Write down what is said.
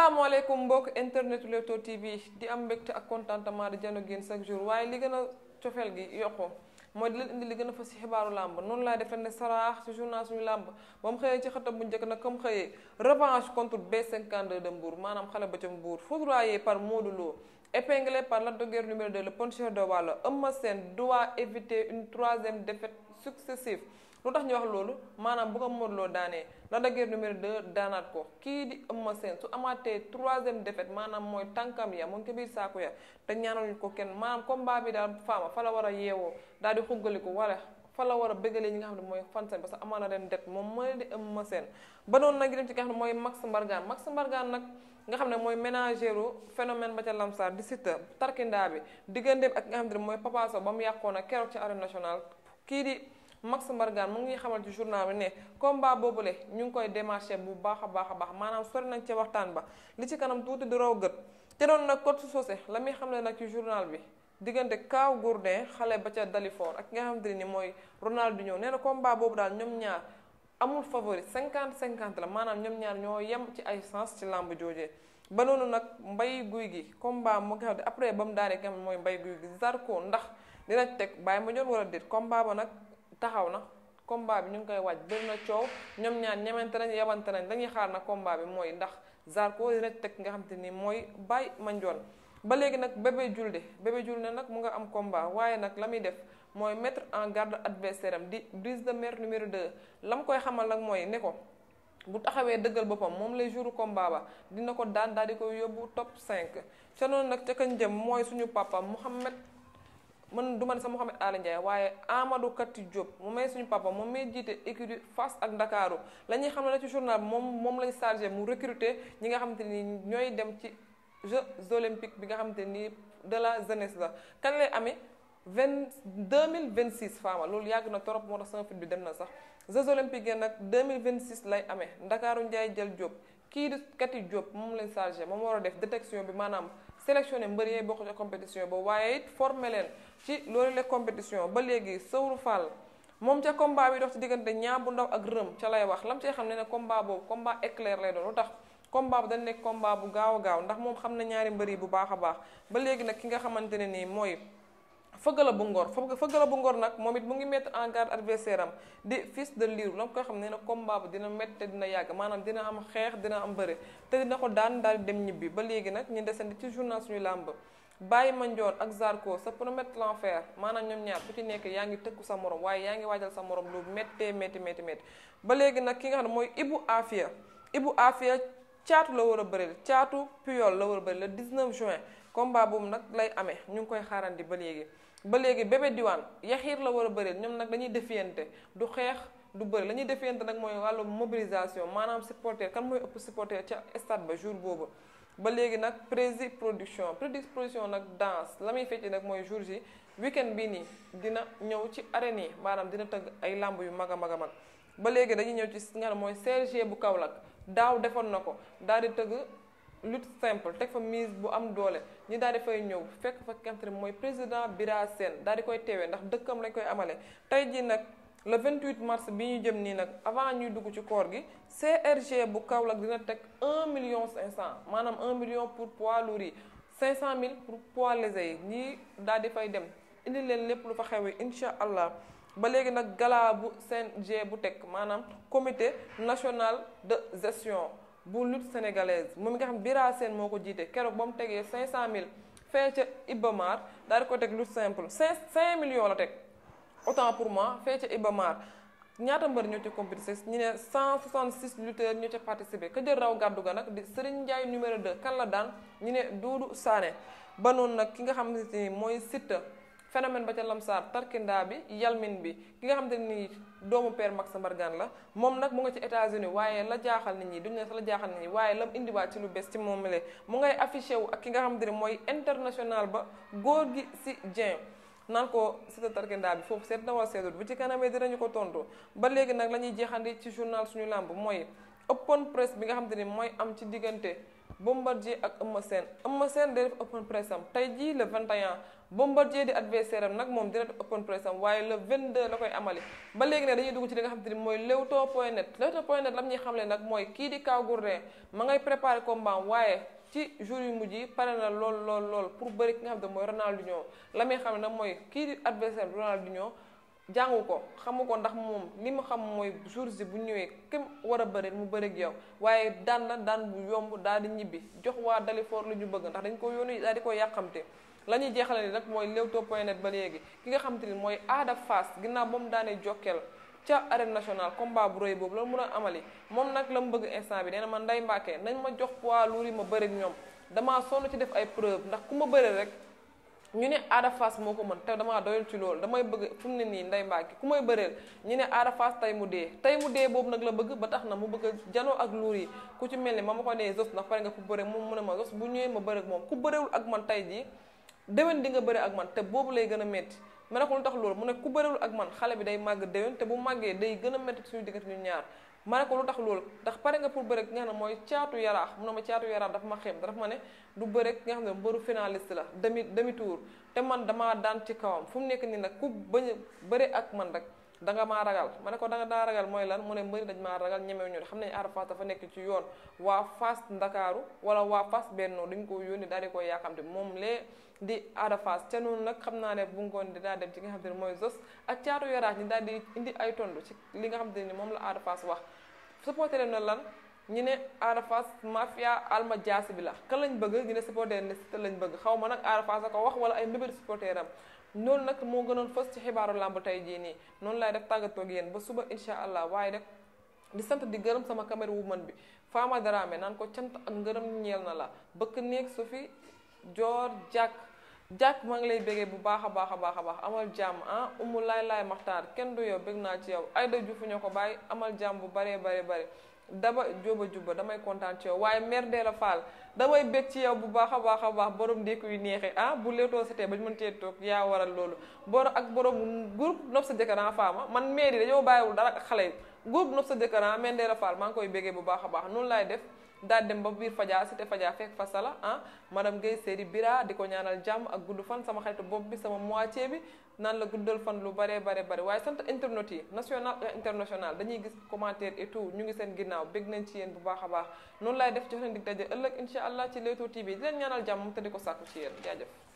asalaamaaleykum mbokk internet Leewtoo TV di am mbégte ak contentement di jano génn chaque jour waaye li gën a cofeel gi yokku mooy di leen indi li gën a fas ci xibaaru làmb noonu laay def ne saraax ci journal suñu làmb ba mu xëyee ci xatam bu njëkk na comme xëyee revanche contre B52 de Mbour maanaam xale ba ca Mbour foudroyé par Modou Lo épinglé par Lac de Guiers numéro 2 le puncheur de Walo Eumeu Sène doit éviter une troisième défaite successive lu tax ñu wax loolu maanaam bu ko loo Lo daanee Lac de Guiers numéro 2 daanaat ko kii di Eumeu Sène su amaatee troisième défaite maanaam mooy tànkam ya mu ngi ko biir saako ya te ñaanaluñ ko kenn maanaam combat bi daal faama fa la war a yeewoo daal di xuggaliko wala fa la war a bëggalee ñi nga xam ne mooy fan seen parce que amaana ren det moom mooy di Eumeu Sène ba noonu nag dem ci nga xam ne mooy Max Mbargane Max Mbargane nag nga xam ne mooy ménagéru phénomène ba ca Lamsar di Siteu tarkindaa bi digganteem ak nga mooy Papa ba mu yàqoon ak keroog ci arène nationale kii Max Mbargane mu ngi xamal ci journal bi ne combat le ñu ngi koy démarché bu baax a baax a baax maanaam sori nañ ca waxtaan ba li ci kanam tuuti di raw gët te doon nag coach Socé la muy xamle nag ci journal bi diggante Kaw Gourdin xale ba ca Dalifor ak nga xamante ni mooy Ronaldinho nee na combat boobu daal ñoom ñaar amul favori cinquante cinquante la maanaam ñoom ñaar ñoo yem ci ay sens ci làmb joojee ba noonu nag mbay guy gi combat mu nga xam ne après ba mu daanee mooy mbay guy gi zarko ndax dina teg bàyyi ma joon war a déet combat ba nag taxaw na combat bi ñu ngi koy waaj bëri na coow ñoom ñaar ñemente nañ yabante nañ dañuy xaar na combat bi mooy ndax Zarko dina teg nga xam ni mooy Baye Mandione ba léegi nag Bébé Diouldé Bébé Diouldé nag mu nga am combat waaye nag la muy def mooy mettre en garde adversaire am di brise de mer numéro 2 la mu koy xamal nag mooy ne ko bu taxawee dëggal boppam moom lay jouru combat ba dina ko daan daal di ko yóbbu top cinq ca noonu nag ca kañ jëm mooy suñu papa Mouhamed man du ma ne sax Mouhamed Aly Ndiaye waaye Amadou Kati Diop mu may suñu moom may jiite écurie Fass ak la ñuy xam ne la ci journal moom moom lañ chargé mu recruter ñi nga xamante ni ñooy dem ci Jeux olympiques bi nga xamante ni de la jeunesse la kan lay amee vingt deux mille vingt six faama loolu yàgg na trop moo tax bi dem na sax Jeux olympiques yi nag deux mille vingt six lay amee Ndakaaru Ndiaye jël Diop kii di Kati Diop moom lañ chargé moom war a def détection bi maanaam. sélectionné mbër yee bokk ca compétition ba waaye it formé leen ci loolu la compétition ba léegi Sawru Fall moom ca combat bi dox ci diggante ñaar bu ndaw ak rëm ca lay wax lam cee xam ne ne combat boobu combat éclair lay doon lu tax combat bu dañ ne combat bu gaaw a gaaw ndax moom xam na ñaari mbër yi bu baax a baax ba léegi nag ki nga xamante ne nii mooy fëggala bu ngor fëggala bu ngor nag moom it mu ngi mettre en garde adversaire am di fils de liir la nga koy xam ne na combat dina métti te dina yàgg maanaam dina am xeex dina am bëre te dina daan daal dem ñibbi ba léegi nag ñu desandi ci journal suñu làmb bàyyi ma njoon ak Zarko sa promet l'enfer maanaam ñoom ñaar ku ci nekk yaa ngi tëkku sa morom waaye yaa ngi waajal sa morom lu méttee ba léegi nag ki nga xam ne mooy Ibu Afia Ibu Afia caatu la war a caatu Puyol la war a bëreel juin combat boobu nag lay amee ñu ngi koy xaarandi ba léegi ba léegi bébé diwaan yaxiir la war a bëreel ñoom nag dañuy defiyante du xeex du bëri la ñuy defiyante nag mooy wàllu mobilisation maanaam supporter kan mooy ëpp supporter ca stade ba jour boobu ba léegi nag prési production prési production nag danse la muy fecc nag mooy jour ji weekend bii nii dina ñëw ci arène yi maanaam dina tëgg ay làmb yu mag a mag a mag ba léegi dañuy ñëw ci nga ne mooy CRG bu Kaolack daaw defoon na ko daal di tëgg lutte simple teg fa mise bu am doole ñi daal di fay ñëw fekk fa kantre mooy président Bira Sène daal di koy teewe ndax dëkkam lañ koy amale tey ji nag le 28 mars bi ñu jëm nii nag avant ñuy dugg ci koor gi CRG bu Kaolack dina teg 1 million cent maanaam un million pour poids lourds yi 500 000 pour poids légers yi ñii daal di fay dem indi leen lépp lu fa xewee incha allah ba léegi nag gala bu CNG bu teg maanaam comité national de gestion bu lutte sénégalaise moom nga xam Bira Sène moo ko jiite keroog ba mu tegee 500000 fee ca Ibamar daal di ko teg lutte simple 5 5 millions la teg autant pour moi fee ca Ibamar ñaata mbër ñoo ca compétition ñu ne 166 lutteurs ñoo ca participé ka jël raw gàddu ga nag di Serigne Ndiaye numéro de kan la daan ñu ne Doudou Sané ba noonu nag ki nga xam ne mooy Siteu. phénomène ba ca lamsaar tarkindaa bi yalmin bi ki nga xam te ni doomu père Max Mbargane la moom nag mu nga ci États-Unis waaye la jaaxal nit ñi duñ ne sa la jaaxal nit ñi waaye lam indiwaat ci lu bees ci moom le mu ngay affiché wu ak ki nga xam te ni mooy international ba góor gi si Dieng naan ko si sita tarkindaa bi foofu seet na wala seetut bu ci kanamee dinañu ko tontu ba léegi nag la ñuy jeexandi ci journal suñu làmb mooy open press bi nga xam ne ni mooy am ci diggante Bombardier ak Eumeu Sène Eumeu Sène day def open press am tey jii le 21 Bombardier di adversaire am nag moom dina def open press am waaye le 22 la koy amali ba léegi ne dañuy dugg ci li nga xam te ni mooy Leewtoo point net Leewtoo point net lam ñuy xamle nag mooy kii di Kaw Gourdin ma ngay préparé combat waaye ci jour yu mujj yi pare na lool lool lool pour bëri ki nga xam ne mooy Ronaldinho la muy xam ne nag mooy kii di adversaire Ronaldinho jàngu ko xamu ko ndax moom li mu xam mooy jour si bu ñëwee këm war a bëri mu bëri yow waaye daan la daan bu yomb daan di ñibbi jox waa Dalifort lu ñu bëgg ndax dañ ko yónni daal di ko yàqamte la ñuy jeexale ni nag mooy Leewtoo point net ba léegi ki nga xam te mooy aada Fass ginnaaw ba mu daanee jokkeel ca arène nationale combat bu rëy boobu loolu mun a amali moom nag la mu bëgg instant bi nee ma ndey Mbacke nañ ma jox poids lourd yi ma bëri ak ñoom damaa sonn ci def ay preuve ndax ku ma bëri rek ñu ne Ada Fass moo ko mën te damaa doyal ci loolu damay bëgg fu mu ne nii nday mbaaki ku may bëreel ñu ne Ada fas tey mu dee tey mu dee boobu nag la bëgg ba tax na mu bëgg a janoo ak luur yi ku ci mel ni ma ma ko nee Zoss ndax pare nga ku bëre moom mu ne ma Zoss bu ñëwee ma bëre moom ku bërewul ak man tey jii déwén dinga nga bëre ak man te boobu lay gën a métti ma ne ko lu tax loolu mu ne ku bërewul ak man xale bi day màgg déwén te bu màggee day gën a métti suñu diggante ñaar ma ne ko lu tax loolu ndax pare nga pour bëre nga xam ne mooy caatu yaraax mu ne ma caatu yaraax dafa ma xem dafa ma ne du bëre nga xam ne la demi demi tour te man damaa daan ci kawam fu mu nekk nii nag ku bañ a ak man rek da nga maa ragal ma ne ko da nga ragal mooy lan mu ne mbëri dañ maa ragal ñemew ñu xam nañ Ada dafa nekk ci yoon waa Fass Ndakaaru wala waa Fass Benno dañ ko yónni daal di koy yaakamte moom lee di Ada Fass te noonu nag xam naa ne bu ngoon di dinaa dem ci nga xam te ne mooy Zos ak caatu yoraat ñi daal di indi ay tondu ci li nga xam te ne moom la Ada Fass wax supporter na lan ñu ne Ada Fass mafia alma jaasi bi la kan lañ bëgg ñu ne supporter ne Siteu lañ bëgg xaw ma nag Ada ko wax wala ay mbébétu supporter am noonu nag moo gënoon fës ci xibaaru làmb tey jii nii noonu laay def tàggatoo ak yéen ba suba incha allah waaye rek di sant di gërëm sama caméra woman bi Fama Dramé naan ko cant ak ngërëm ñeel na la bëkk néeg su fi joor jàkk maa ngi lay bégee bu baax a baax a baax a baax amal jàmm ah umu laay laay maxtaan kenn du yow bég naa ci yow ay da jufu ñoo ko bàyyi amal jàmm bu baree bare bare daba jóoba jubba damay kontaan ci yow waaye mère Della faal damay bég ci yow bu baax a baax a baax borom ndékku yu neexee ah bu leetoo setee ba ñu mën cee toog yaa waral loolu bor ak borom groupe nopp sa jëkkër en ah, faama man mère dañoo bàyyiwul dara xale yi groupe nopp sa jëkkër en ah, mère Della maa ngi koy bégee bu baax a baax noonu laay def daal dem ba biir faja cité faja fekk fa sala ah madame Guèye Séri Bira di ko ñaanal jàmm ak gudd fan sama xarit bopp bi sama moitié bi naan la guddal fan lu bare bare bare waaye sant internautes yi national euh, international dañuy gis commentaire et tout ñu ngi seen ginnaaw bég nañ ci yéen bu baax a baax noonu laay def jox leen dig daje ëllëg incha allah ci Leewtoo TV di leen ñaanal jàmm te di ko sàkku ci yéen jaajëf